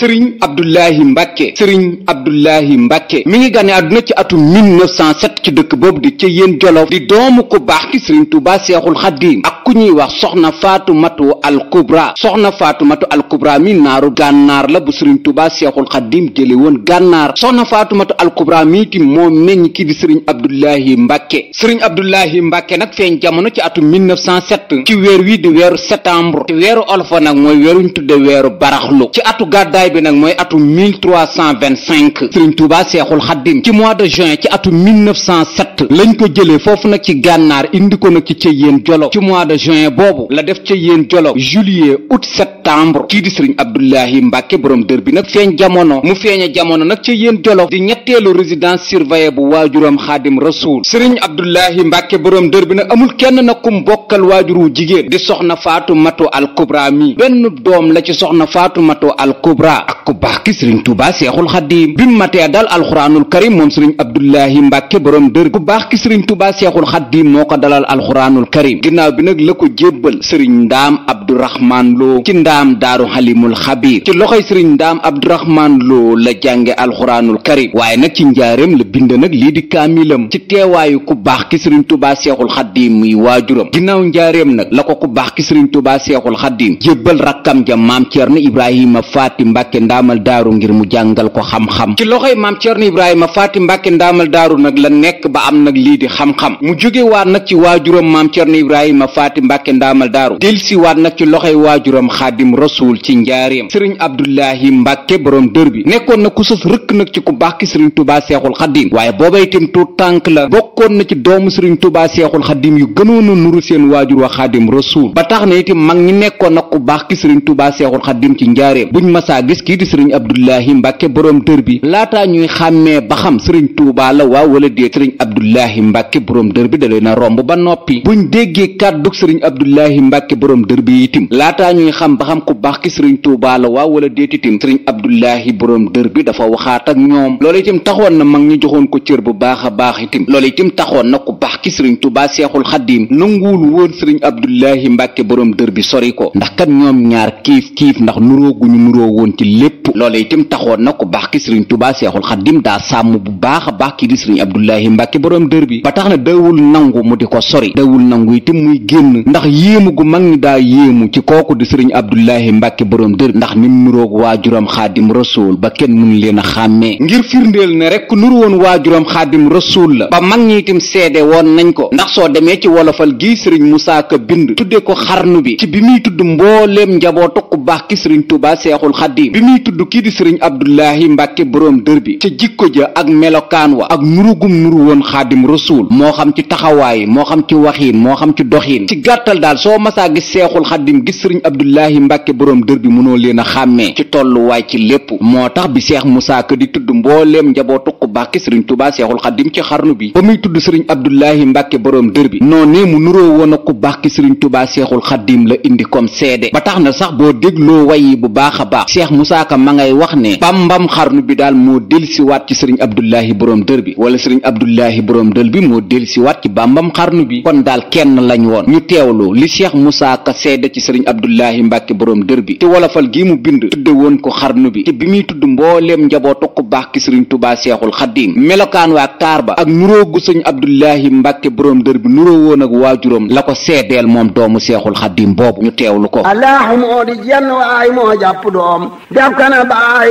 sëriñ abdullahi mbàkke sëriñ abdullahi mbàkke mi ngi gane àdduna ci atum 1907 ci dëkk boobu di ca yéen jolof di doomu ku baax ki sëriñ tuuba seexul xaddiim ak ku ñuy wax soxna faatumatu alkubra soxna faatumatu alkubra mi naaru gànnaar la bu sëriñ tuuba seexul xaddiim jële woon gànnaar soxna faatumatu alkubra mi ti moo meññ ki di sëriñ abdullahi mbàkke sëriñ abdullahi mbàkke nag feeñ jamono ci atum 1907 ci weer wi di weeru septembre ci weeru olofa nag mooy weeruñ tudde weeru baraxlu jotaay bi nag mooy atum 1325 Serigne Touba Seexul Xaddim ci mois de juin ci atum 1907 lañ ko jëlee foofu nag ci gànnaar indi ko nag ci Ceyeen Jolof ci mois de juin boobu la def Ceyeen jolo juillet août septembre kii di Serigne Abdoulahi Mbacke borom dër bi nag feeñ jamono mu feeñe jamono nag Ceyeen Jolof di ñetteelu résidence surveillée bu waajuram Xaadim Rasuul Serigne Abdoulahi Mbacke borom dër bi nag amul kenn nag ku bokkal waajur wu jigéen di soxna Faatu Mato al Kubra mi benn doom la ci soxna Faatu Mato al Kubra Touba ak ku baax ki sëriñ Touba seexul xaddiim bi mu matee dal alxuraanul karim moom sëriñ Abdullahi Mbàkke borom dër ku baax ki sëriñ Touba seexul xaddiim moo ko dalal alxuraanul karim ginnaaw bi nag la ko jébbal sëriñ ndaam Abdourahman Lo ci ndaam daaru xalimul xabiir ci loxoy sëriñ ndaam Abdourahman Lo la jànge alxuraanul karim waaye nag ci njaareem la bind nag lii di kaamilam ci teewaayu ku baax ki sëriñ Touba seexul xaddiim muy waajuram ginnaaw njaareem nag la ko ku baax ki sëriñ Touba seexul xaddiim jébbal rakkam ja maam Ceerno Ibrahima Faati Mbàkke mbàkke ndaamal daaru ngir mu jàngal ko xam-xam ci loxoy maam Cerno Ibrahima Faati Mbàkke ndaamal daaru nag la nekk ba am nag lii di xam-xam mu jóge waat nag ci waajuram maam Cerno Ibrahima Faati Mbàkke ndaamal daaru delsi waat nag ci loxoy waajuram xaadim rasuul ci njaareem sëriñ Abdullahi Mbàkke borom dër bi nekkoon na ku sës rëkk nag ci ku baax ki sëriñ Tubaa Seexul Xadim waaye booba itam tuut tànk la bokkoon na ci doomu sëriñ Tubaa Seexul Xadim yu gënoon a nuru seen waajur wa Xaadim Rasuul ba tax na itam mag ñi nekkoon nag ku baax ki sëriñ Tubaa Seexul Xadim ci njaareem kii di sëriñ abdullahi mbàkke borom dër bi laataa ñuy xàmmee ba xam sëriñ tuubaa la waaw wala déet sëriñ abdullahi mbàkke borom dër bi da leen romb ba noppi buñ déggee kàddug sëriñ abdullahi mbàkke boroom dër bi itim laataa ñuy xam ba xam ku baax ki sëriñ tuubaa la waa wala déet itim sëriñ abdullahi borom dër bi dafa waxaat ak ñoom loolu itim taxoon na mag ñi joxoon ko cër bu baax a baax itim loolu itim taxoon na ku baax ki sëriñ tuubaa seexul xaddiim nanguwul woon sëriñ abdullahi mbàkke borom dër bi sori ko ndax kat ñoom ñaar kiif kiif ndax nuróoguñu nuróo woon ci lépp loola itam taxoon na ku baax ki sëriñ tubaa seexul xaddim daa sàmm bu baax a baax ki di sëriñ abdullahi mbàkke boroom dër bi ba tax na dawul nangu mu di ko sori dawul nangu itam muy génn ndax yéemu gu mag ñi daa yéemu ci kooku di sëriñ abdullahi mbàkke boroom dër ndax ni nuroog waajuram xaadim rasuul ba kenn mun leen a xàmmee ngir firndeel ne rek ku nur woon waajuram xaadim rasuul la ba mag ñi itam seede woon nañ ko ndax soo demee ci wolofal gi sëriñ Musaa Ka bind tudde ko xarnu bi ci bi muy tudd mbooleem njabootu ku baax ki sëriñ tubaa seexul xaddim bi muy tudd kii di sëriñ abdullahi mbàkke boroom dër bi ca jikko ja ak melokaan wa ak nurugum nuru woon xaadim rasuul moo xam ci taxawaay moo xam ci waxiin moo xam ci doxiin ci gàttal daal soo masaa gis seexul xaadim gis sëriñ abdullahi mbàkke boroom dër bi mënoo leen a xàmmee ci tolluwaay ci lépp moo tax bi seex musaa ka di tudd mbooleem njabootu ku baax ki sëriñ tubaa seexul xaadim ci xarnu bi ba muy tudd sëriñ abdullahi mbàkke borom dër bi noonee mu nuroo woon a ku baax ki tubaa seexul xaadim la indi comme seede ba tax na sax boo dégloo wayi bu baax a baax Moussa Ka ma ngay wax ne bambam xarnu bi daal moo del si waat ci sëriñ Abdullahi boroom dër bi wala sëriñ Abdullahi boroom dër bi moo del si waat ci bambam xarnu bi kon daal kenn lañ woon ñu teewlu li Cheikh Moussa Ka seede ci sëriñ Abdullahi Mbàkke boroom dër bi te wolofal gi mu bind tudde woon ko xarnu bi te bi muy tudd mbooleem njabootu ku baax ki sëriñ Tubaa Seexul Xaddiim melokaan waa taar ba ak nuróogu sëriñ Abdullahi Mbàkke boroom dër bi nuroo woon ak waajuram la ko seedeel moom doomu Seexul Xaddiim boobu ñu teewlu ko def kana baay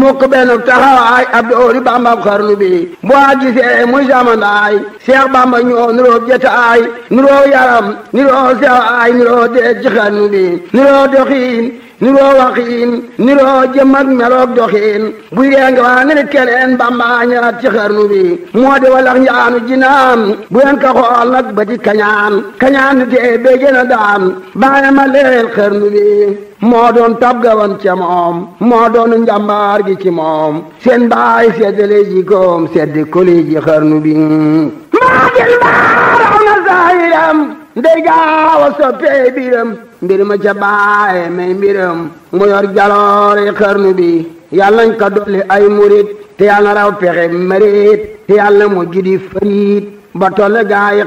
mukk benn taxawaay ab doori bamba xarnu bi boo gisee muy samandaay seex bamba ñoo nuroo jataay nuroo yaram nuroo sewaay nuroo deej ci xarnu bi nuroo doxiin niroo waxiin niroo jëm ak meloog doxiin buy ree nga waa nene keleen bàmbaa ñaat ci xarnu bi moo di walax njaanu jinaan bu yen ka xool nag ba ci kañaan kañaan ni tee béygën a daam bàyyi ma leel xarnu bi moo doon tabgawan ca moom moo doon njàmbaar gi ci moom seen baay seddale ji koom seddi koli ji xarnu bi maa gën baaraw na ndey gaaw a soppee biram mbir ma ca baaye may mbiram mu yor jaloore xarnu bi yàlla nañ ko dolli ay murit te yàlla na raw pexe marit te yàlla mu judi farit ba tolle gaay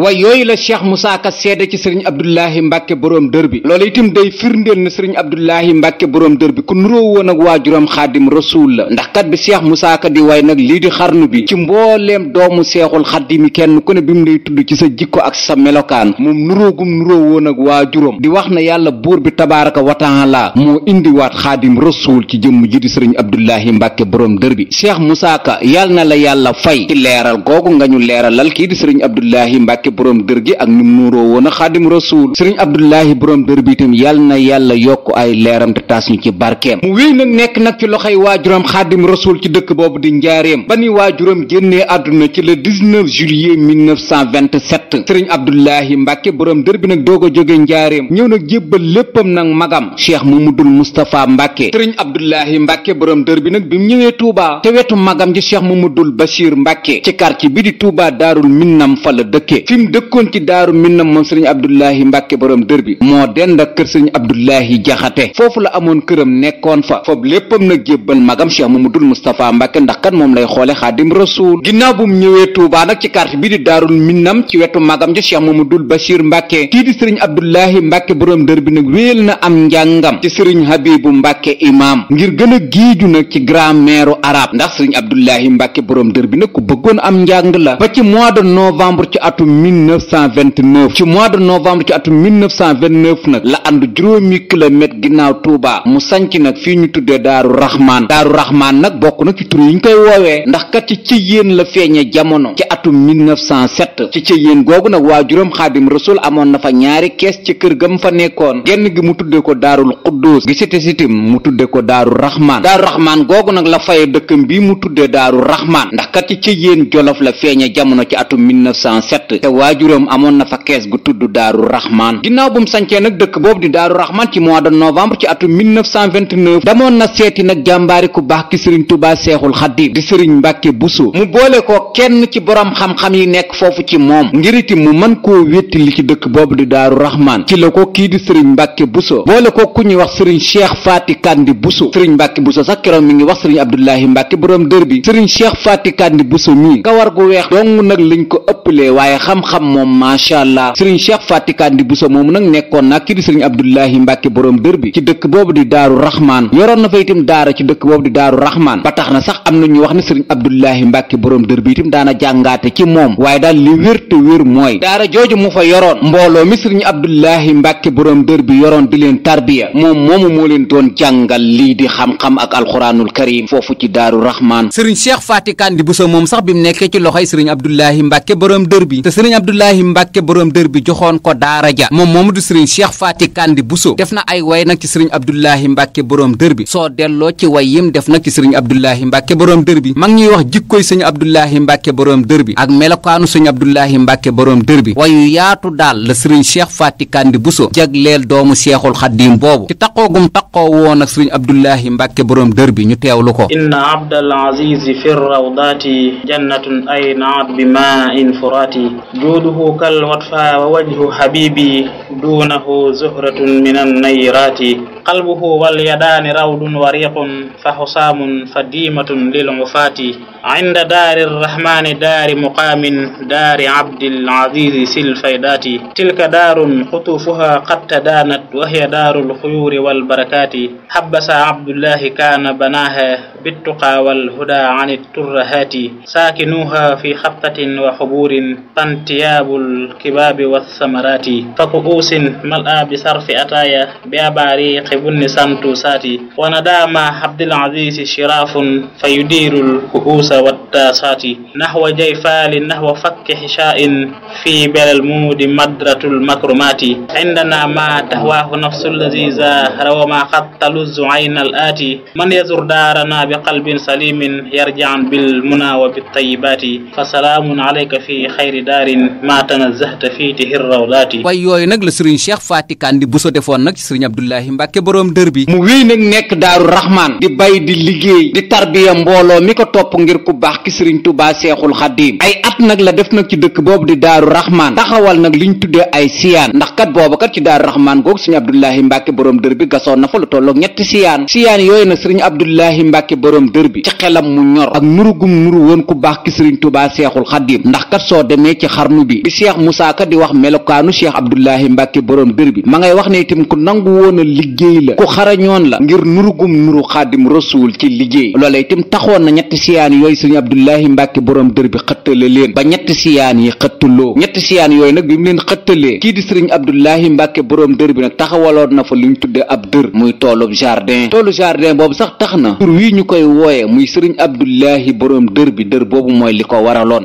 way yooyu la cheikh Moussa Ka seede ci sëriñ Abdoulahi Mbacke borom dër bi loolu itam day firndeel na sëriñ Abdoulahi Mbacke borom dër bi ku nuroo woon ak juróom xaadim rasul la ndax kat bi cheikh Moussa di waaye nag lii di xarnu bi ci mbooleem doomu seexul xaadimi kenn ku ne bi mu lay tudd ci sa jikko ak sa melokaan moom nuroogum nuroo woon ak waajuram di wax na yàlla buur bi tabaaraka wa taala moo indiwaat xaadim rasul ci jëmm ji di sëriñ Abdoulahi Mbacke borom dër bi cheikh Moussa Ka na la yàlla fay ci leeral nga leeralal kii di sëriñ abdullahi mbàkke boroom dër gi ak num nuuroo woon a xaadim rasuul sëriñ abdullahi boroom dër bi itam yàlla na yàlla yokk ay leeram te taas ñu ci barkeem mu wéy nag nekk nag ci loxoy waajuram xaadim rasuul ci dëkk boobu di njaareem ba ni waajuram génnee àdduna ci le 19 juillet 1927 sëriñ abdullahi mbàkke boroom dër bi nag doog a jóge njaareem ñëw nag jébbal léppam nag magam cheikh mamadul moustapha mbàkke sëriñ abdullahi mbàkke boroom dër bi nag bi mu ñëwee tuubaa te wetu magam tuubaa daarul minnam fa la dëkkee fi dëkkoon ci daaru minnam moom sëriñ abdullahi mbàkke borom dër bi moo dend ak kër sëriñ abdullahi jaxate foofu la amoon këram nekkoon fa foofu léppam na jébbal magam cheikh mamadul moustapha mbàkke ndax kan moom lay xoole xaadim rasuul ginnaaw bu mu ñëwee tuubaa nag ci quartier bi di daarul minnam ci wetu magam ja cheikh mamadul bachir mbàkke kii di sëriñ abdullahi mbakke borom dër bi nag wéel na am njàngam ci sëriñ habibu mbàkke imaam ngir gën a giiju nag ci grammaire arab ndax sëriñ abdullahi mbàkke borom dër bi nag ku bëggoon am njàng ba ci mois de novembre ci atum 1929 ci mois de novembre ci atum 1929 nag la ànd juróomi kilomètre ginnaaw Touba mu sanc nag fii ñu tuddee Daaru Rahman Daaru Rahman nag bokk na ci tur yi ñu koy woowee ndax kat ci ci yéen la feeñee jamono ci atum 1907 ci ci yéen googu nag waa juróom xaadim rasul amoon na fa ñaari kees ci kër ga mu fa nekkoon genn gi mu tuddee ko Daarul Quddus gi site sitim mu tuddee ko Daaru Rahman Daaru Rahman googu nag la fay dëkkam bii mu tuddee Daaru Rahman ndax kat ci la feeñee jamono ci atum 1907 te waajuram amoon na fa kees gu tudd daaru raxmaan ginnaaw bu mu sancee nag dëkk boobu di daaru raxmaan ci mois de novembre ci atum 1929 damoon na seeti nag jàmbaari ku baax ki sëriñ tubaa seexul xaddim di sëriñ mbàkke buso mu boole ko kenn ci boroom xam-xam yi nekk foofu ci moom ngiriti mu mën koo wétti li ci dëkk boobu di daaru raxmaan ci la ko kii di sëriñ mbàkke buso boole ko ku ñuy wax sëriñ cheikh faati kandi buso sëriñ mbàkke buso sax keroog mi ngi wax sëriñ abdullahi mbàkke boroom dër bi sëriñ cheikh faati kandi buso mii kawar dong nag lañ ko ëppalee waaye xam-xam moom macha allah sëriñ cheikh fatikandi buso moomu nag nekkoon nag ki di sëriñ abdullahi mbàkke boroom dër bi ci dëkk boobu di daaru raxmaan yoroon na fa itam daara ci dëkk boobu di daaru raxmaan ba tax na sax am na ñu wax ne sëriñ abdullahi mbàkke boroom dër bi itam daana jàngaate ci moom waaye daal li wér te wér mooy daara jooju mu fa yoroon mbooloo mi sëriñ abdullahi mbàkke boroom dër bi yoroon di leen tarbiya moom moomu moo leen doon jàngal lii di xam-xam ak alxuraanul karim foofu ci daaru raxmaan sëriñ cheikh fatikandi buso moom Abdoulahi Mbacke borom dër bi te sëriñ Abdoulahi Mbacke borom dër bi joxoon ko daara ja moom moomu du sëriñ Cheikh Faati Kandi Bousso def na ay way nag ci sëriñ Abdoulahi Mbacke borom dër bi soo delloo ci way yim def nag ci sëriñ Abdoulahi Mbacke borom dër bi mag ñuy wax jikkoy sëñ Abdoulahi Mbacke borom dër bi ak melokaanu sëñ Abdoulahi Mbacke borom dër bi wayu yaatu daal la sëriñ Cheikh Faati Kandi Bousso jagleel doomu Cheikhul Xadim boobu ci taqoogum taqoo woon ak sëriñ Abdoulahi Mbacke borom dër bi ñu teewlu ko inna abdal azizi fi rawdati jannatun ay naat يلحق بماء فرات جوده كالوطفى ووجه حبيبي دونه زهرة من النيرات قلبه واليدان روض وريق فحصام فديمة للعفاة عند دار الرحمن دار مقام دار عبد العزيز سلفيدات تلك دار قطوفها قد تدانت وهي دار الخيور والبركات حبس عبد الله كان بناها بالتقى والهدى عن الترهات ساكنوها في خط شقة وحبور فانتياب الكباب والثمرات فكؤوس ملأ بصرف أتايا بأباريق بن سمتوسات وندام عبد العزيز شراف فيدير الكؤوس والتاسات نحو جيفال نحو فك حشاء في بل المود مدرة المكرمات عندنا ما تهواه نفس اللذيذة وما قد تلز عين الآتي من يزر دارنا بقلب سليم يرجع بالمنى وبالطيبات فسلام salaamun alayka fi xayri daarin ma tanazzahta fii tihi rawdaati way yooyu nag la sëriñ Cheikh Faty Kandi Bousso defoon nag ci sëriñ Abdoulahi Mbàkke boroom dër bi mu wéy nag nekk daaru raxmaan di bay di liggéey di tarbiya mbooloo mi ko topp ngir ku baax ki sëriñ Tubaa Seexul Xadiim ay at nag la def nag ci dëkk boobu di daaru raxmaan taxawal nag liñ tuddee ay siyaan ndax kat boobu kat ci daaru raxmaan googu sëriñ Abdoulahi Mbàkke boroom dër bi gasoon na fa lu tolloog ñetti siyaan siyaan ci xelam ak nuru gum nuru seexul xaddim ndax kat soo demee ci xarnu bi bi seex musaa ka di wax melokaanu cheikh abdullahi mbàkke borom dër bi ma ngay wax ne itam ku nangu woon a liggéey la ku xarañoon la ngir nurugum nuru xaadim rasuul ci liggéey loola itam taxoon na ñetti siyaan yooyu sëriñ abdullahi mbàkke borom dër bi xëttale leen ba ñetti siyaan yi xëttaloo ñetti siyaan yooyu nag bi mu leen xëttalee kii di sëriñ abdullahi mbàkke borom dër bi nag taxawaloon na fa lu ñu tudde ab dër muy toolub jardin toolu jardin boobu sax tax na tur wii ñu koy wooye muy sëriñ abdullahi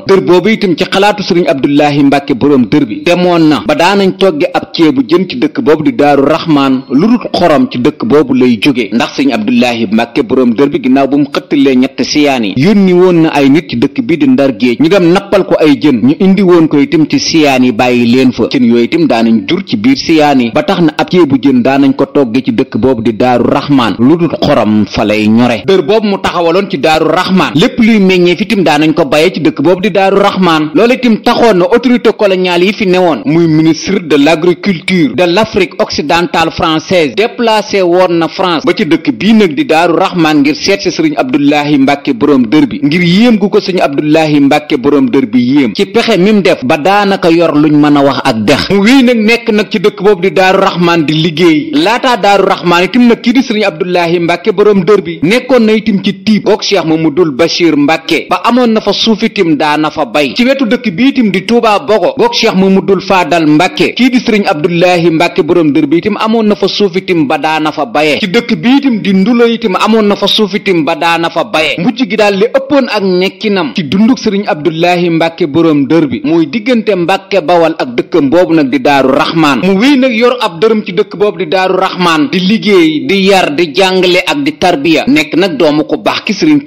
tolloon dër boobu itam ci xalaatu sëriñ abdullahi mbàkke boroom dër bi demoon na ba daanañ togge ab ceebu jën ci dëkk boobu di daaru raxmaan lu dul xorom dëkk boobu lay jóge ndax sëriñ abdullahi mbàkke boroom dër bi ginnaaw bu mu xëttalee ñett siyaan yi yónni woon na ay nit ci dëkk bi di ndar géej ñu dem nappal ko ay jën ñu indi woon ko itam ci siyaan yi bàyyi leen fa jën yooyu itam daanañ jur ci biir siyaan yi ba tax na ab ceebu jën daanañ ko togge ci dëkk boobu di daaru raxmaan lu dul xorom fa lay ñore dër boobu mu taxawaloon ci daaru raxmaan lépp luy meññee fitim daanañ ko baye ci dëkk boobu boobu di daaru raxmaan loolu itam taxoon na autorité coloniale yi fi newoon muy ministre de l'agriculture de l'Afrique occidentale française déplacé woon na France ba ci dëkk bii nag di daaru raxmaan ngir seet si sëriñ Abdullahi Mbàkke boroom dër bi ngir yéem gu ko sëriñ Abdullahi Mbàkke boroom dër bi yéem ci pexe mi mu def ba daanaka yor lu luñ mën a wax ak dex mu wéy nag nekk nag ci dëkk boobu di daaru raxmaan di liggéey laataa daaru raxmaan itam nag kii di sëriñ Abdullahi Mbàkke boroom dër bi nekkoon na itam ci tiib goog Cheikh Mamadul Bachir Mbàkke ba amoon daana fa bay ci wetu dëkk bi itam di Touba Bogo goog Cheikh Mamadul Faadal Mbàkke kii di sëriñ Abdullahi Mbàkke borom dër bi itam amoon na fa suuf itam ba daana fa baye ci dëkk bi itam di Ndulo itam amoon na fa suuf ba daana fa baye mujj gi daal li ëppoon ak ñekkinam ci dunduk sëriñ Abdullahi Mbàkke borom dër bi muy diggante Mbàkke Bawal ak dëkkam boobu nag di Daaru Raxmaan mu wéy nag yor ab dërëm ci dëkk boobu di Daaru Raxmaan di liggéey di yar di jàngale ak di tarbiya nekk nag doomu ko baax ki sëriñ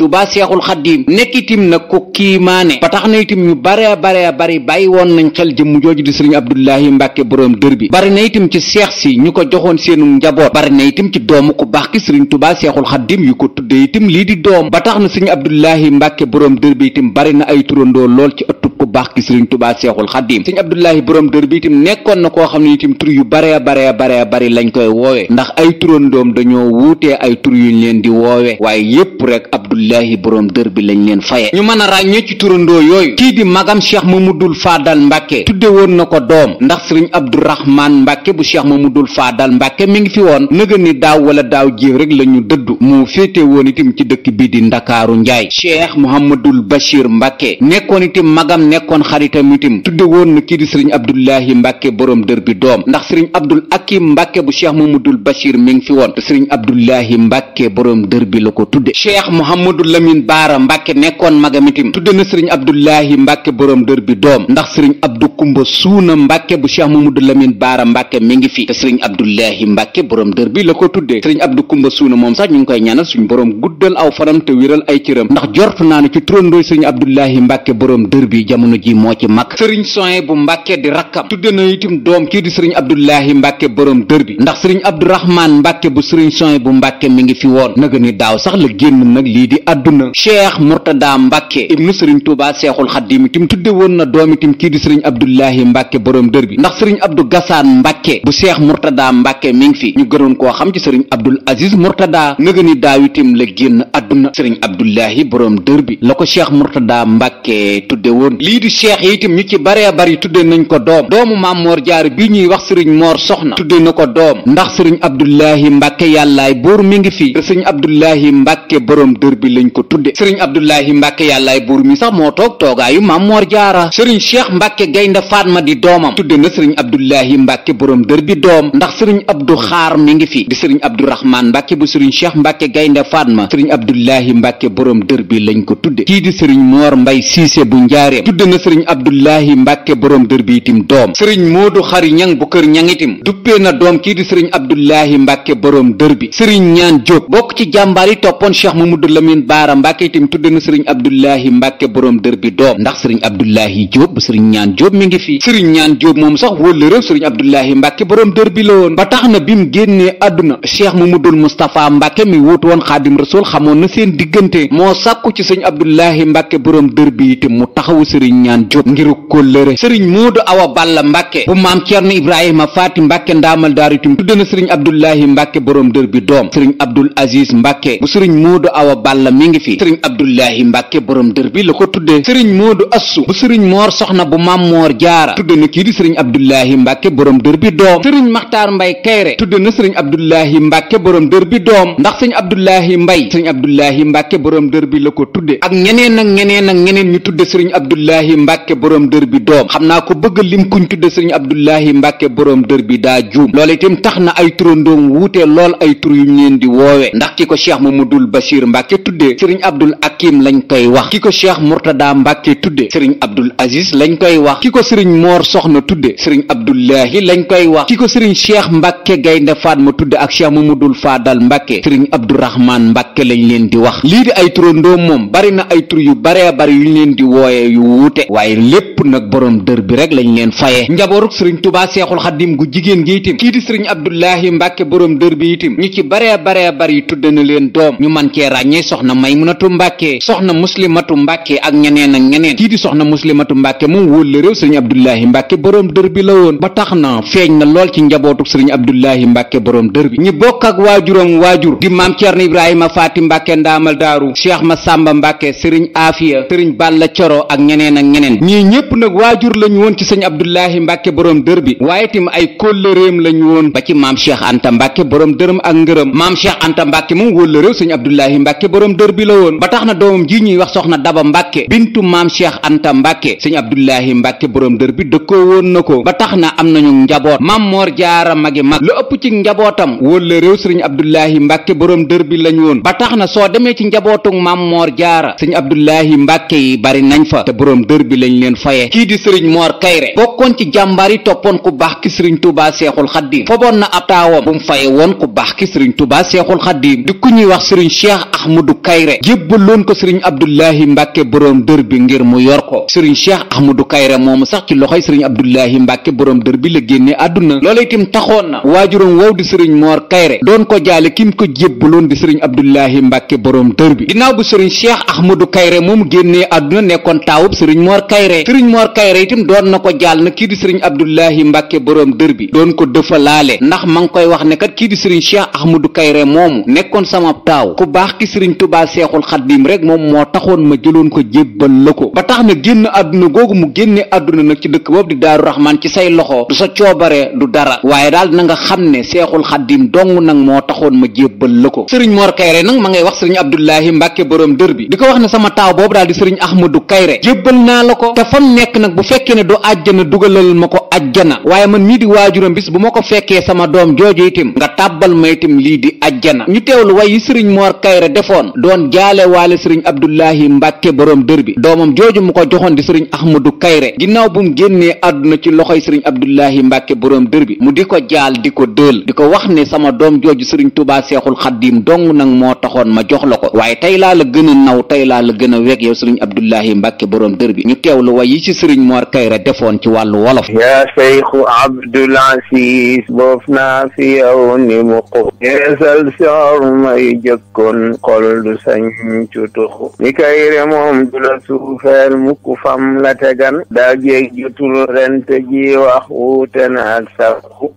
tax na itam ñu baree bare bari bàyyi woon nañ xel jëmm jooju di sëriñ Abdoulahi Mbàkke borom dër bi bari na itam ci seex si ñu ko joxoon seenu njaboot bari na itam ci doomu ku baax ki sëriñ Tuubaa Seexul Xaddim yu ko tudde itam lii di doom ba tax na sëriñ Abdoulahi Mbàkke boroom dër bi itam bari na ay turandoo lool ci ëttub ku baax ki sëriñ tubaa seexul xaddiim sëñ abdullahi borom dër bi itam nekkoon na ko xam ne itam tur yu bare bare bare bari lañ koy woowe ndax ay turandoom dañoo wuutee ay tur yuñ leen di woowe waaye yépp rek abdullahi borom dër bi lañ leen faye ñu mën a ràññee ci turandoo yooyu kii di magam cheikh mamadul faadal mbàkke tudde woon na ko doom ndax sëriñ abdourahman mbàkke bu cheikh mamadul faadal mbàkke mi ngi fi woon nëga ni daaw wala daaw jéew rek la ñu dëddu mu féete woon itam ci dëkk bii di ndakaaru njaay cheikh mohamadul bachir mbàkke nekkoon itam magam nekkoon xaritam itam tudde woon na kii di sëriñ abdullahi mbàkke borom dër bi doom ndax sëriñ abdul akim mbàkke bu cheikh mamadul bachir mi ngi fi woon te sëriñ abdullahi mbàkke borom dër bi la ko tudde cheikh mohamadou lamin baara mbàkke nekkoon magam itam tudde na sëriñ abdullahi mbàkke borom dër bi doom ndax sëriñ abdu kumba suuna mbàkke bu cheikh mamadou lamin baara mbàkke mi ngi fi te sëriñ abdullahi mbàkke borom dër bi la ko tudde sëriñ abdu kumba suuna moom sax ñu ngi koy ñaanal suñ borom guddal aw fanam te wéral ay cëram ndax jortu naa ne ci turandooy sëriñ abdullahi mbàkke borom dër bi jamono ji moo ci mag sëriñ soin bu mbàkke di rakkam tudde na itam doom kii di sëriñ abdullahi mbàkke borom dër bi ndax sëriñ abdourahman mbàkke bu sëriñ soin bu mbàkke mi ngi fi woon naga ni daaw sax la génn nag lii di àdduna cheikh murtada mbàkke ibnu sëriñ tuuba seexul xaddim itam tudde woon na doom itam kii di sëriñ abdullahi mbàkke borom dër bi ndax sëriñ abdu gasaan mbàkke bu cheikh murtada mbàkke mi ngi fi ñu gënoon koo xam ci sëriñ abdul aziz murtada naga ni daaw itam la génn àdduna sëriñ abdullahi borom dër bi la ko cheikh murtada mbàkke tudde woon lii di cheikh yi itam ñu ci baree bari tudde nañ ko doom doomu maam moor jaar bii ñuy wax sëriñ moor soxna tudde na ko doom ndax sëriñ abdullahi mbàkke yàllaay buur mi ngi fii sëriñ abdullahi mbàkke borom dër bi lañ ko tudde sëriñ abdullahi mbàkke yàllaay buur mi sax moo toog toogaayu maam moor jaara sëriñ cheikh mbàkke gaynde faatma di doomam tudde na sëriñ abdullahi mbàkke boroom dër bi doom ndax sëriñ abdu xaar mi ngi fi di sëriñ abdourahmaan mbàkke bu sëriñ cheikh mbàkke gaynde faatma sëriñ abdullahi mbàkke boroom dër bi lañ ko tudde kii di sëriñ moor mbay siise bu njaareem tudd na sëriñ abdullahi mbàkke boroom dër bi itim doom sëriñ moo xari ñang bu kër ñangitim duppee na doom kii di sëriñ abdullahi mbàkke boroom dër bi sëriñ ñaan jóob bokk ci jàmbaar yi toppoon cheikh mamadou lamin baara mbàkke itim tudd na sëriñ abdullahi mbàkke boroom dër bi doom ndax sëriñ abdullahi jóob bu sëriñ ñaan jóob mi ngi fii sëriñ ñaan jóob moom sax wóllëréew sëriñ abdullahi mbàkke boroom dër bi la woon ba tax na bi mu génnee àdduna cheikh mamadul mustapha mbàkke mi wóotu woon xaadim rasul xamoon na seen diggante moo sàkku ci sëriñ abdullahi mbàkke boroom dër bi itim mu taxawu sëriñ sëriñ ñaan jóob ngiru kóllëre sëriñ moodu awa balla mbàkke bu maam ceerno ibrahima faati mbàkke ndaamal daaritum tudde na sëriñ abdullahi mbàkke borom dër bi doom sëriñ abdul mbàkke mi ngi fi sëriñ abdullahi mbàkke borom dër bi la ko tudde sëriñ moodu assu bu sëriñ moor soxna bu maam moor jaara tudde na kii di sëriñ abdullahi mbàkke borom dër bi doom sëriñ maxtaar mbay kayre tudde na sëriñ abdullahi mbàkke borom dër bi doom ndax sëriñ abdullahi mbay sëriñ abdullahi mbàkke abdoulahi mbàkke boroom dër bi doom xam naa ko bëgg lim kuñ tudde sëriñ abdoulahi mbàkke boroom dër bi daa juum loolu itam tax na ay turandoom wuute lool ay tur yuñ leen di woowe ndax ki ko cheikh mamadul bachir mbàkke tudde sëriñ abdul akim lañ koy wax ki ko cheikh murtada mbàkke tudde sëriñ abdul aziz lañ koy wax ki ko sëriñ moor soxna tudde sëriñ abdoulahi lañ koy wax ki ko sëriñ cheikh mbàkke gaynde fatma tudde ak cheikh mamadul faadal mbàkke sëriñ abdourahman mbàkke lañ leen di wax lii di ay turandoom moom bari na ay tur yu bare bari yuñ leen di wooye yu wuute waaye lépp nag boroom dër bi rek lañ leen faye njabooruk sëriñ tubaa seexul xaddim gu jigéen gi itim kii di sëriñ abdullahi mbàkke boroom dër bi itim ñu ci baree baree bari tudde na leen doom ñu man cee ràññee soxna maymunatu mbàkke soxna muslimatu mbàkke ak ñeneen ak ñeneen kii di soxna muslimatu mbàkke moom wóol la réew sëriñ abdullahi mbàkke boroom dër bi la woon ba tax na na lool ci njabootuk sëriñ abdullahi mbàkke boroom dër bi ñi bokk ak waajuram waajur di maam ceerno ibrahima faati mbàkke ndaamal daaru cheikh ma sàmba mbàkke sëriñ aafiya ñeneen ak ñeneen ñii ñépp nag waajur lañu woon ci sëñ Abdoulahi Mbàkke boroom dër bi waaye tim ay kóllëreem lañu woon ba ci maam Cheikh Anta Mbàkke boroom dërëm ak ngërëm maam Cheikh Anta Mbàkke moom wóllëréew sëñ Abdoulahi Mbàkke boroom dër bi la woon ba tax na doomam ji ñuy wax soxna Daba Mbàkke bintu maam Cheikh Anta Mbàkke sëñ Abdoulahi Mbàkke boroom dër bi dëkkoo woon na ko ba tax na am nañu njaboot maam Moor Jaara magi mag la ëpp ci njabootam wóllëréew sëriñ Abdoulahi Mbàkke boroom dër bi lañu woon ba tax na soo demee ci njabootu maam Moor Jaara sëñ Abdoulahi Mbàkke yi bari nañ fa bi lañ leen faye kii di sëriñ Mor Kayre bokkoon ci jàmbaar yi toppoon ku baax ki sëriñ tubaa Seexul Xaddiim foboon na ab taawam bu mu faye woon ku baax ki sëriñ Tuubaa Seexul Xaddiim di ku ñuy wax sëriñ Cheikh Ahmadu Kayre jébbaloon ko sëriñ Abdullahi Mbàkke boroom bi ngir mu yor ko sëriñ Cheikh Ahmadu Kayre moomu sax ci loxo loxoy sëriñ Abdullahi Mbàkke boroom bi la génne àdduna loola itam taxoon na waajuram wow di sëriñ Mor Kayre doon ko jaale kim ko jébbaloon di sëriñ Abdullahi Mbàkke boroom derby ginnaaw bu sëriñ Cheikh Ahmadu Kayre moom génnee àdduna nekkoon taawub sëriñ Mor Kayre sëriñ Mor Kayre itam doon na ko jaal na kii di sëriñ Abdoulahi Mbàkke boroom dër bi doon ko dëfalaale ndax ma ngi koy wax ne kat kii di sëriñ Cheikh Ahmadou Kayre moomu nekkoon sama taaw ku baax ki sëriñ Tubaa Seexul Xaddiim rek moom moo taxoon ma jëloon ko jébbal la ko ba tax na génn àdduna googu mu génne àdduna nag ci dëkk boobu di Daaru Raxmaan ci say loxo du sa coobare du dara waaye daal na nga xam ne Seexul Xaddiim dong na moo taxoon ma jébbal la ko sëriñ Mor Kayre nag ma ngay wax sëriñ Abdoulahi Mbàkke boroom dër bi di ko jéggal nekk nag bu fekkee ne du àjjana dugalal ma ko àjjana waaye man mii di waajuram bis bu ma ko fekkee sama doom jooju itim nga tàbbal ma itim lii di àjjana ñu teewlu way yi sëriñ Mor Kayre defoon doon jaale waale sëriñ Abdullahi Mbàkke boroom dër bi doomam jooju mu ko joxoon di sëriñ Ahmadu Kayre ginnaaw bu mu génnee àdduna ci loxoy sëriñ Abdullahi Mbàkke boroom dër bi mu di ko jaal di ko dël di ko wax ni sama doom jooju sëriñ Tubaa Seexul Xaddiim dong nag moo taxoon ma jox la ko waaye tey laa la gën a naw tey laa la gën a weg yow sëriñ Abdullahi Mbàkke boroom dër kër gi ñu teewlu way yi ci sëriñ Mor Kayre defoon ci wàllu wolof yaa seyxu Abdul Asiis boof naa fi yow ni mu xu yeesal soor may jëkkoon xol du sañ cu moom du la suufeel mukk fam la tegan daa géej jutul rent ji wax wuute na ak saxu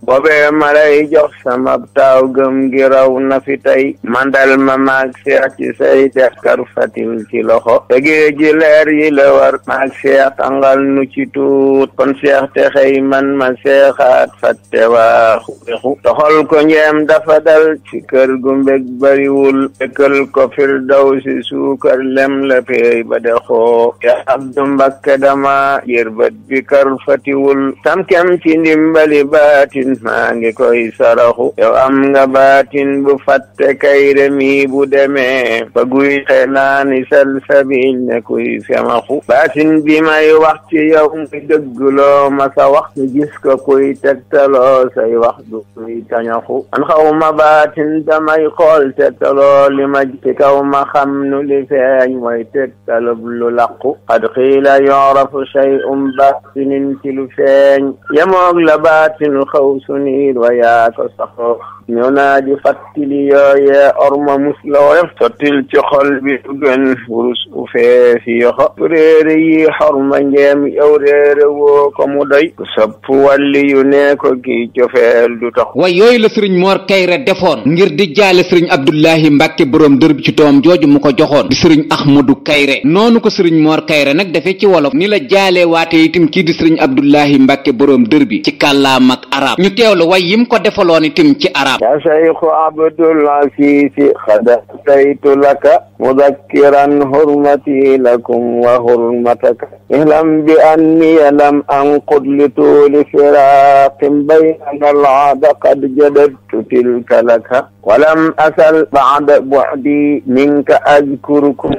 ma lay jox sama taaw gëm gi raw na tey mandal ma maag seex ci say def karfatil ci loxo te leer yi la war ak cheikh tàngal nu ci tuut kon cheikh te xëy man ma seexaat fatte waa xubixu toxol ko njeem dafa dal ci kër gu mbég bariwul kël ko firdaw si suukar lem la peey ba de xoo ya abdu mbakke dama yërbët bi kar fatiwul tamkem ci ndimbali baatin maa koy saraxu yow am nga baatin bu fatte kay remi bu deme ba guy xe naani sal sabil ne kuy semaxu baatin bi may wax ci yow muy loo ma sa wax ñu gis ko kuy tegtaloo say wax du muy tañaxu an xaw ma baatin damay xool tegtaloo li ma ci kaw ma xam nu li feeñ mooy tegtalub lu làqu xad xiila yorafu shay um baatinin ci lu feeñ yemoog la baatinu xaw su niit wa yaa ko saxoo ñu naa di fàttali yooye orma mus la woyof sottil ci xol bi du gën wurus u fee fi yoxo ku réere yi xorma ngeem yow réere woo ko mu doy sopp wàlli yu nee ko gi cofeel du tax way yooyu la sëriñ Mor Kayre defoon ngir di jaale sëriñ Abdullahi Mbàkke boroom dër bi ci doom jooju mu ko joxoon di sëriñ Ahmadu Kayre noonu ko sëriñ Mor Kayre nag dafee ci wolof ni la jaalee waate itam kii di sëriñ Abdullahi Mbàkke boroom dër bi ci kàllaam ak arab ñu teewlu way yim ko defaloon itam ci arab يا شيخ عبد العزيز قد أتيت لك مذكرا حرمتي لكم وحرمتك اعلم بأني لم أنقض لطول فراق بيننا العاد قد جددت تلك لك ولم أسل بعد بعدي منك أذكركم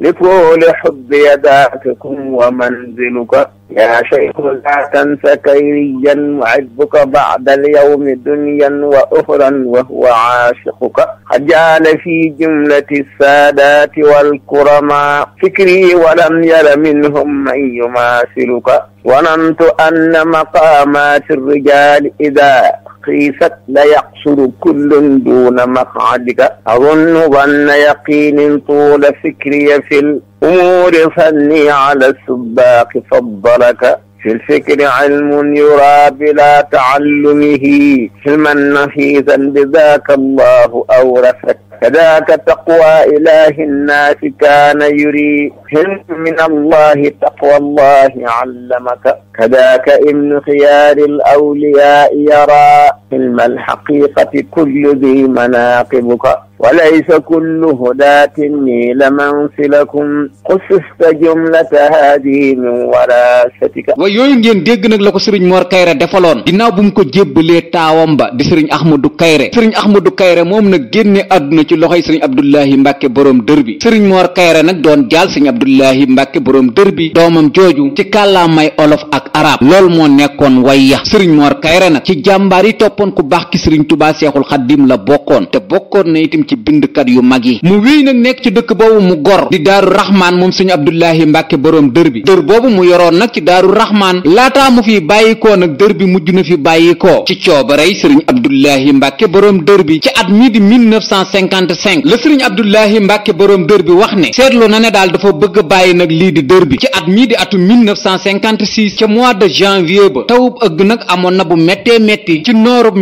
لطول حب يداككم ومنزلك يا شيخ لا تنس كيريا وعذبك بعد اليوم دنيا وأخرى وهو عاشقك قد جعل في جملة السادة السادات والكرماء فكري ولم ير منهم من يماثلك ظننت أن مقامات الرجال إذا قيست ليقصر كل دون مقعدك أظن ظن يقين طول فكري في الأمور فني على السباق فضلك في الفكر علم يرى بلا تعلمه علما نفيسا بذاك الله أورثك كذاك تقوى إله الناس كان يريهم من الله تقوى الله علمك كذاك ابن خيار الأولياء يرى علم الحقيقة كل ذي مناقبك وليس كل هداة نيل منسلكم خصصت جملة هذه من وراستك wa yooyu ngeen dégg nag la ko sëriñ Mor Kayre defaloon ginnaaw bu mu ko jébbalee taawam ba di sëriñ Ahmadou Kayre sëriñ Ahmadou Kayre moom nag génne àdduna ci loxoy sëriñ abdullahi mbàkke boroom dër bi sëriñ moor kayre nag doon jaal sëriñ abdullahi mbàkke boroom dër bi doomam jooju ci kàllaamay olof ak arab loolu moo nekkoon way ya sëriñ moor kayre nag ci jàmbaar yi toppoon ku baax ki sëriñ tubaa seexul xaddim la bokkoon te bokkoon na itam ci bindkat yu mag yi mu wéy nag nekk ci dëkk boobu mu gor di daaru raxmaan moom sëriñ abdullahi mbàkke boroom dër bi dër boobu mu yoroon nag ci daaru raxmaan laataa mu fi bàyyikoo nag dër bi mujj na fi bàyyikoo ci coobarey sëriñ abdullahi mbàkke boroom dër bi ci 1965 la sëriñ Abdoulahi Mbàkke boroom dër bi wax ne seetlu na ne daal dafa bëgg a bàyyi nag lii di dër bi ci at mii di atu 1956 ca mois de janvier ba tawub ëgg nag amoon na bu méttee métti ci noorub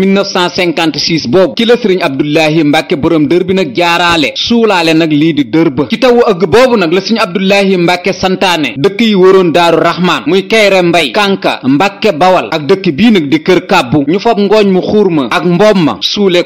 boobu ci la sëriñ Abdoulahi Mbàkke boroom dër bi nag jaaraale suulaale nag lii di dër ba ci tawu ëgg boobu nag la sëriñ Abdoulahi Mbàkke santaane dëkk yi wëroon daaru raxmaan muy kayre mbay kànka mbàkke bawal ak dëkk bii nag di kër kàbbu ñu fab ngooñ mu xuur ma ak mboom ma suule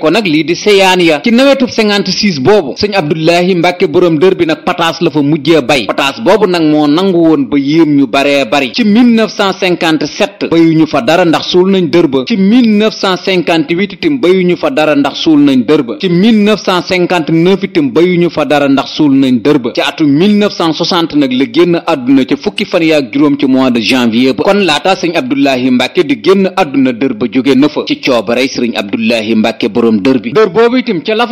56 boobu sëñ Abdoulahi Mbàkke borom dër bi nag pataas la fa mujjee bay pataas boobu nag moo nangu woon ba yéem ñu baree bari ci 1957 ñu fa dara ndax suul nañ dër ba ci 1958 itam ñu fa dara ndax suul nañ dër ba ci 1959 itam ñu fa dara ndax suul nañ dër ba ci atu 1960 nag la génn àdduna ca fukki fan yaak juróom ci mois de janvier ba kon laata sëñ Abdoulahi Mbàkke di génn àdduna dër ba jóge na fa ci coobarey sëriñ Abdoulahi Mbàkke borom dër bi dër boobu itam ca la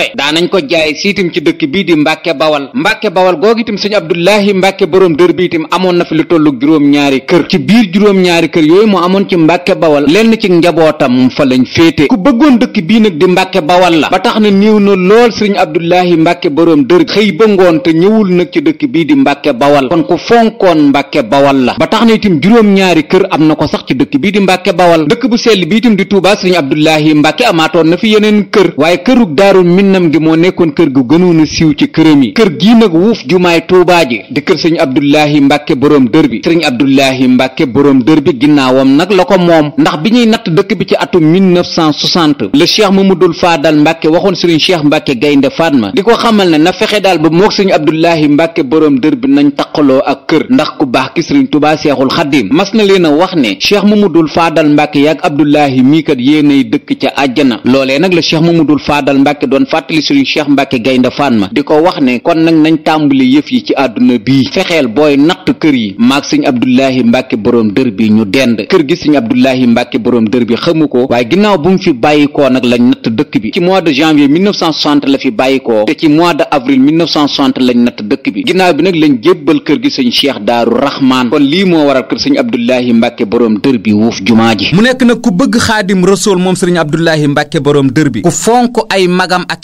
yore daanañ ko jaay siitim ci dëkk bii di mbàkke bawal mbàkke bawal googu itam sëñ abdullahi mbàkke boroom dër bi itam amoon na fi lu tollu juróom-ñaari kër ci biir juróom-ñaari kër yooyu moo amoon ci mbàkke bawal lenn ci njabootam fa lañ féete ku bëggoon dëkk bii nag di mbàkke bawal la ba tax na néew na lool sëriñ abdullahi mbàkke boroom dër xëy ba ngoon te ñëwul nag ci dëkk bii di mbàkke bawal kon ku fonkoon mbàkke bawal la ba tax na itam juróom-ñaari kër am na ko sax ci dëkk bii di mbàkke bawal dëkk bu sell bii itam di tuubaa sëriñ abdullahi mbàkke amaatoon na fi yeneen kër waaye këruk daaru min gànnam gi moo nekkoon kër gu gënoon a siiw ci këram yi kër gii nag wuuf jumaay tuubaa ji di kër sëñ abdullahi mbàkke boroom dër bi sëriñ abdullahi mbàkke boroom dër bi ginnaawam nag la ko moom ndax bi ñuy natt dëkk bi ci atum 1960 le cheikh mamadul faadal mbàkke waxoon sëriñ cheikh mbàkke gaynde faatma ko xamal ne na fexe daal ba mook sëñ abdullahi mbàkke boroom dër bi nañ taqaloo ak kër ndax ku baax ki sëriñ tubaa seexul xaddim mas na leen a wax ne cheikh mamadul faadal mbàkke yaag abdullahi mii kat yéenay dëkk ca àjjana loolee nag la cheikh mamadul faadal mbàkke doon fàttali sëriñ Cheikh Mbacke Gaynde Fatma di ko wax ne kon nag nañ tàmbali yëf yi ci àdduna bii fexeel booy natt kër yi maag sëñ Abdoulahi Mbacke borom dër bi ñu dend kër gi sëñ Abdoulahi Mbacke borom dër bi xamu ko waaye ginnaaw bu mu fi bàyyikoo nag lañ natt dëkk bi ci mois de janvier 1960 la fi bàyyikoo te ci mois de avril 1960 lañ natt dëkk bi ginnaaw bi nag lañ jébbal kër gi sëñ Cheikh Daaru Rahman kon lii moo waral kër sëñ Abdoulahi Mbacke borom dër bi wuuf jumaa ji mu nekk nag ku bëgg xaadim rasool moom sëriñ Abdoulahi Mbacke borom dër bi ku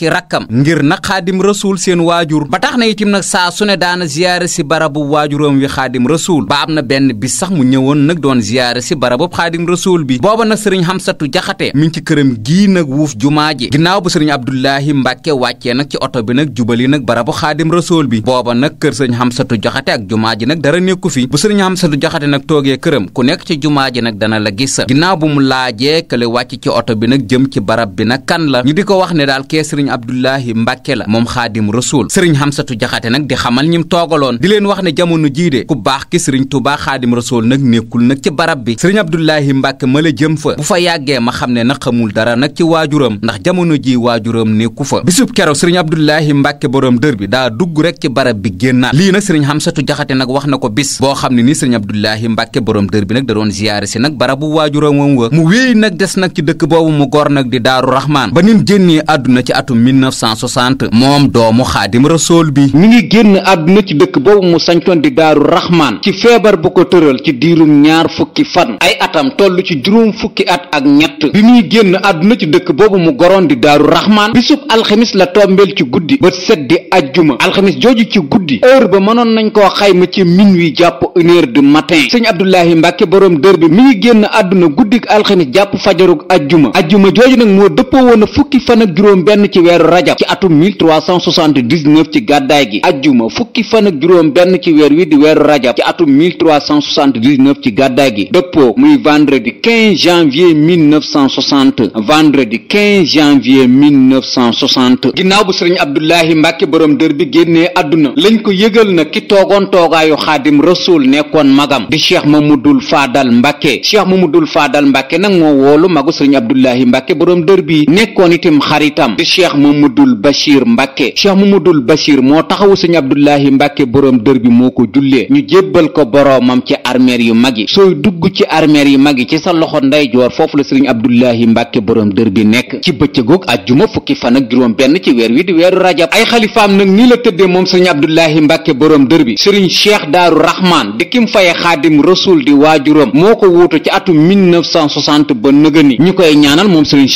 ki rakkam ngir nag xaadim rasuul seen waajur ba tax na itim nag saa su ne daana ziyaare si barabu waajuram wi xaadim rasuul ba am na benn bi sax mu ñëwoon nag doon ziyaare si barabub xaadim rasuul bi booba nag sëriñ Xamsatu Jaxate mi ngi ci këram gii nag wuuf jumaa ji ginnaaw bu sëriñ Abdullahi Mbàkke wàccee nag ci oto bi nag jubali nag barabu xaadim rasuul bi booba nag kër sëriñ Xamsatu Jaxate ak jumaa ji nag dara nekku fi bu sëriñ Xamsatu Jaxate nag toogee këram ku nekk ci jumaa ji nag dana la gis ginnaaw bu mu laajee kële wàcc ci oto bi nag jëm ci barab bi nag kan wax ne Abdoulahi Mbàkke la moom xaadim rasuul sëriñ Hamsatu Jaxate nag di xamal ñim toogaloon di leen wax ne jamono jii de ku baax ki sëriñ Tuubaa xaadim rasuul nag nekkul nag ci barab bi sëriñ Abdoulahi Mbàkke ma la jëm fa bu fa yàggee ma xam ne nag xamul dara nag ci waajuram ndax jamono ji waajuram nekku fa bisub kero sëriñ Abdoulahi Mbàkke borom dër bi daa dugg rek ci barab bi génnaat lii nag sëriñ Hamsatu Jaxate nag wax na ko bis boo xam ne ni sëriñ Abdoulahi Mbàkke borom dër bi nag da doon ziyaare si nag barabu waajuram wa mu wéy nag des nag ci dëkk boobu mu gor nag di daaru raxmaan 1960 moom doomu xaadim rasool bi mi ngi génn àdduna ci dëkk boobu mu sañtoon di daaru raxmaan ci feebar bu ko tëral ci diirum ñaar fukki fan ay atam toll ci juróom fukki at ak ñett bi muy génn àdduna ci dëkk boobu mu goroon di daaru raxmaan bisub alxemes la tombeel ci guddi ba set di ajjuma alxamis jooju ci guddi heure ba mënoon nañ koo xayma ci minuit jàpp une heure du matin sëñ abdullahi mbàkke boroom dër bi mi ngi génn àdduna guddik alxamis jàpp fajarug a fukki fan ak juróom weeru rajab ci atum 1379 ci gàddaay gi ajjuma fukki fan ak juróom benn ci weer wi di weeru rajab ci atum 1379 ci gàddaay gi dëppoo muy vendredi 15 janvier 1960 vendredi 15 janvier 1960 ginnaaw bu sëriñ abdullahi mbàkke borom dër bi génnee àdduna lañ ko yëgal na ki toogoon toogaayu xaadim rasul nekkoon magam di cheikh mamadul faadal mbàkke cheikh mamadul faadal mbàkke nag moo woolu magu sëriñ abdullahi mbàkke borom dër bi nekkoon itam xaritam di cheikh mamadul bachir mbàkke cheikh mamadul bachir moo taxawu sëñ abdullahi mbàkke boroom dër bi moo ko jullee ñu jébbal ko boroomam ci armeer yu mag yi sooy dugg ci armeer yu mag yi ci sa loxo ndeyjoor foofu la sëriñ abdullahi mbàkke boroom dër bi nekk ci bëccëgoog ajjuma fukki fan ak juróom benn ci weer wi di weeru rajab ay xalifaam nag nii la tëddee moom sëriñ abdullahi mbàkke boroom dër bi sëriñ cheikh daaru rahman di kim faye xaadim rasul di waajuram moo ko wuutu ci atum 1960 ba nëgëni ñu koy ñaanal moom sëriñ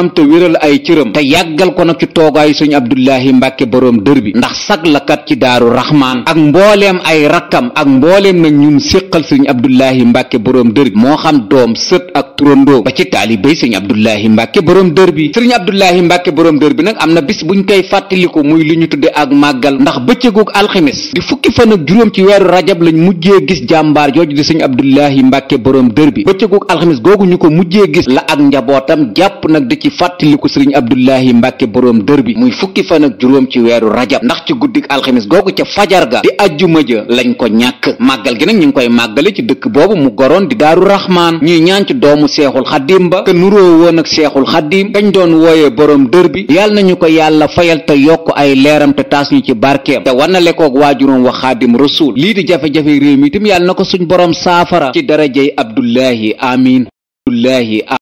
bakkanam te wéral ay cëram te yàggal ko nag ci toogaayu sëñ abdullahi mbàkke boroom dër bi ndax saglakat ci daaru raxmaan ak mbooleem ay rakkam ak mbooleem nag ñun séqal sëñ abdullahi mbàkke boroom dër bi moo xam doom sët ak turandoo ba ci taalibéy sëñ abdullahi mbàkke boroom dër bi sëriñ abdullahi mbàkke boroom dër bi nag am na bis buñ koy fàttaliku muy li ñu tudde ak màggal ndax bëccëgug alxemes di fukki fan ak juróom ci weeru rajab lañ mujjee gis jàmbaar jooju di sëñ abdullahi mbàkke boroom dër bi bëccëgug alxemes googu ñu ko mujjee gis la ak njabootam jàpp nag di fàttaliku sëriñ abdullahi mbàkke boroom dër bi muy fukki fan ak juróom ci weeru rajab ndax ci guddik alxamis googu ca fajar ga di ajjuma ja lañ ko ñàkk màggal gi nag ñu ngi koy màggale ci dëkk boobu mu goroon di daaru raxmaan ñuy ñaan ci doomu seexul xaddiim ba te nuroo woon ak seexul xaddiim dañ doon wooye boroom dër bi yàlla nañu ko yàlla fayal te yokk ay leeram te taas ñu ci barkeem te wanale koog waajuróom wa xaadim rasul lii di jafe-jafe réew mi itam na ko suñ boroom saafara ci darajey abdullahi amin abdullahi